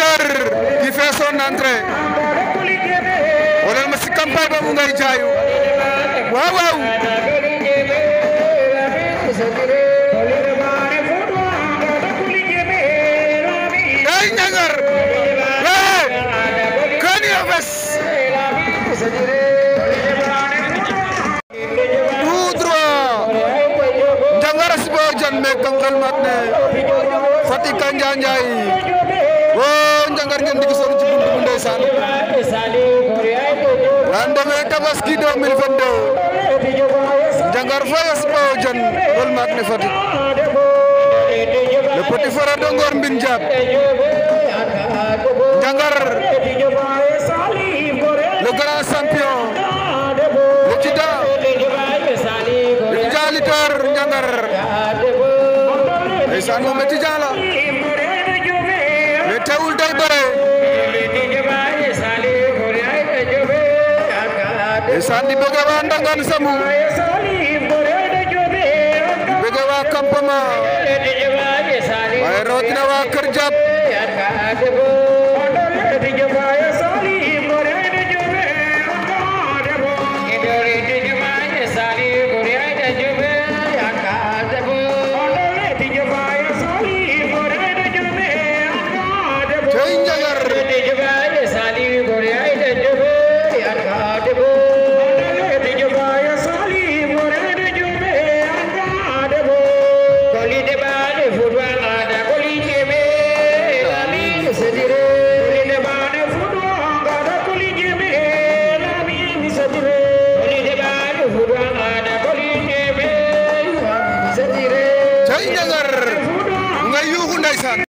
Leader qui fait son entrée. On a si campagne boobu ngay jaayu. Waaw waaw. Rendez-vous Tabaski 2022 Jangar Fayes Bawo Dione ne Fatick le petit frère de Ngor Mbine Diap Jangar le grand champion le tida le tida litor Jangar ndeysaan moom la mais day bëre Sandi di bëgg waa Ndangaan Sambu di bëgg waa campement waaye ay njàngar nga yuuxu ndeysaan